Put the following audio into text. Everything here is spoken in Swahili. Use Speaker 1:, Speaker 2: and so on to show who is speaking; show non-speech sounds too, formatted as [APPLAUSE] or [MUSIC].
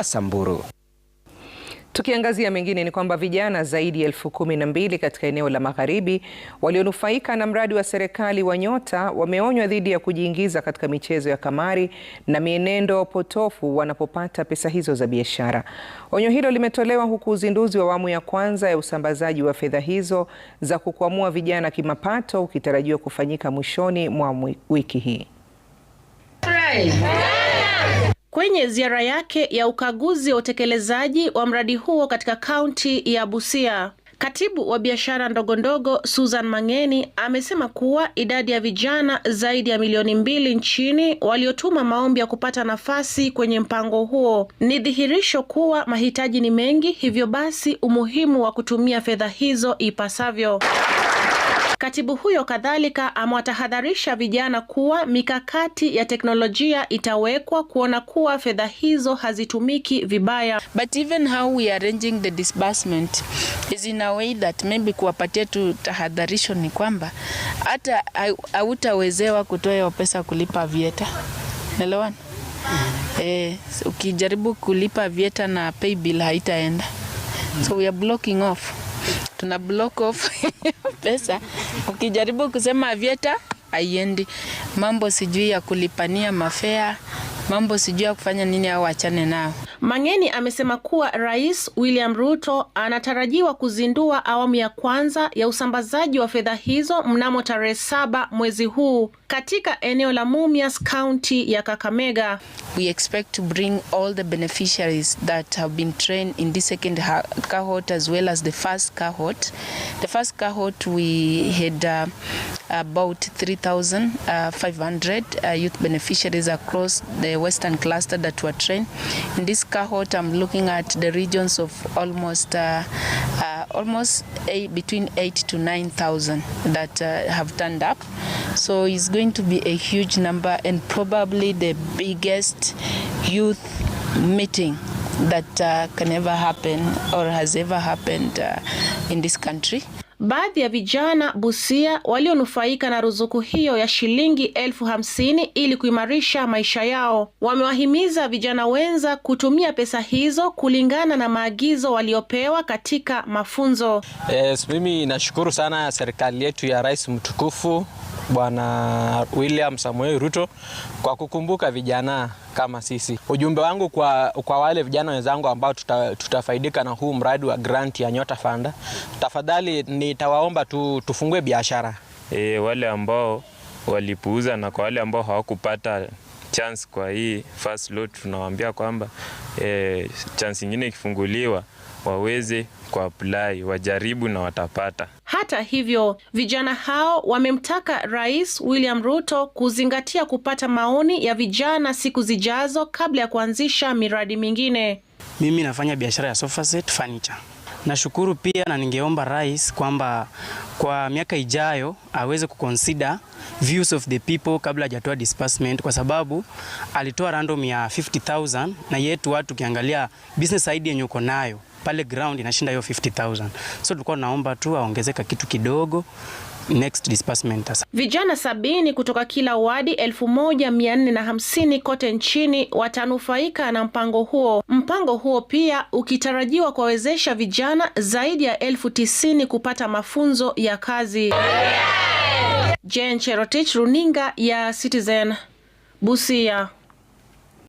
Speaker 1: za Samburu. Tukiangazia mengine ni kwamba vijana zaidi ya elfu kumi na mbili katika eneo la magharibi walionufaika na mradi wa serikali wa Nyota wameonywa dhidi ya kujiingiza katika michezo ya kamari na mienendo potofu wanapopata pesa hizo za biashara. Onyo hilo limetolewa huku uzinduzi wa awamu ya kwanza ya usambazaji wa fedha hizo za kukwamua vijana kimapato ukitarajiwa kufanyika mwishoni mwa wiki hii.
Speaker 2: Kwenye ziara yake ya ukaguzi wa utekelezaji wa mradi huo katika kaunti ya Busia, Katibu wa biashara ndogondogo Susan Mangeni amesema kuwa idadi ya vijana zaidi ya milioni mbili nchini waliotuma maombi ya kupata nafasi kwenye mpango huo ni dhihirisho kuwa mahitaji ni mengi, hivyo basi umuhimu wa kutumia fedha hizo ipasavyo. Katibu huyo kadhalika amewatahadharisha vijana kuwa mikakati ya teknolojia itawekwa kuona kuwa fedha hizo hazitumiki vibaya.
Speaker 3: But even how we are arranging the disbursement is in a way that maybe kuwapatia tu tahadharisho ni kwamba hata hautawezewa kutoa hiyo pesa kulipa vieta. Naelewana? Mm-hmm. Eh, ukijaribu kulipa vieta na pay bill haitaenda. So we are blocking off tuna block off [LAUGHS] pesa. Ukijaribu kusema Aviator aiendi mambo sijui ya kulipania mafea mambo sijui ya kufanya nini au achane nao.
Speaker 2: Mang'eni amesema kuwa Rais William Ruto anatarajiwa kuzindua awamu ya kwanza ya usambazaji wa fedha hizo mnamo tarehe saba mwezi huu katika eneo la Mumias County ya Kakamega.
Speaker 4: We expect to bring all the beneficiaries that have been trained in the second cohort as well as the first cohort. The first cohort we had uh, about 3,500 uh, uh, youth beneficiaries across the Western cluster that were trained. In this cohort, I'm looking at the regions of almost uh, almost eight, between 8 to 9,000 that have turned up. So it's going to be a huge number and probably the biggest youth meeting that uh, can ever happen or has ever happened uh, in this country.
Speaker 2: Baadhi ya vijana Busia walionufaika na ruzuku hiyo ya shilingi elfu hamsini ili kuimarisha maisha yao wamewahimiza vijana wenza kutumia pesa hizo kulingana na maagizo waliopewa katika mafunzo.
Speaker 5: Yes, mimi nashukuru sana serikali yetu ya Rais mtukufu Bwana William Samuel Ruto kwa kukumbuka vijana kama sisi. Ujumbe wangu kwa, kwa wale vijana wenzangu ambao tuta, tutafaidika na huu mradi wa grant ya Nyota Fund, tafadhali nitawaomba tu, tufungue biashara
Speaker 6: e, wale ambao walipuuza na kwa wale ambao hawakupata chance kwa hii first lot tunawaambia kwamba eh, chance nyingine ikifunguliwa waweze kuapply wajaribu na watapata.
Speaker 2: Hata hivyo, vijana hao wamemtaka Rais William Ruto kuzingatia kupata maoni ya vijana siku zijazo kabla ya kuanzisha miradi mingine.
Speaker 7: Mimi nafanya biashara ya sofa set furniture. Nashukuru pia na ningeomba rais kwamba kwa miaka ijayo aweze kukonsida views of the people kabla hajatoa disbursement, kwa sababu alitoa random ya 50000 na yetu watu ukiangalia business idea yenye uko nayo pale ground inashinda hiyo 50000, so tulikuwa naomba tu aongezeka kitu kidogo next disbursement.
Speaker 2: Vijana sabini kutoka kila wadi 1450 kote nchini watanufaika na mpango huo. Mpango huo pia ukitarajiwa kuwawezesha vijana zaidi ya elfu tisini kupata mafunzo ya kazi. Yeah! Jane Cherotich, Runinga ya Citizen, Busia.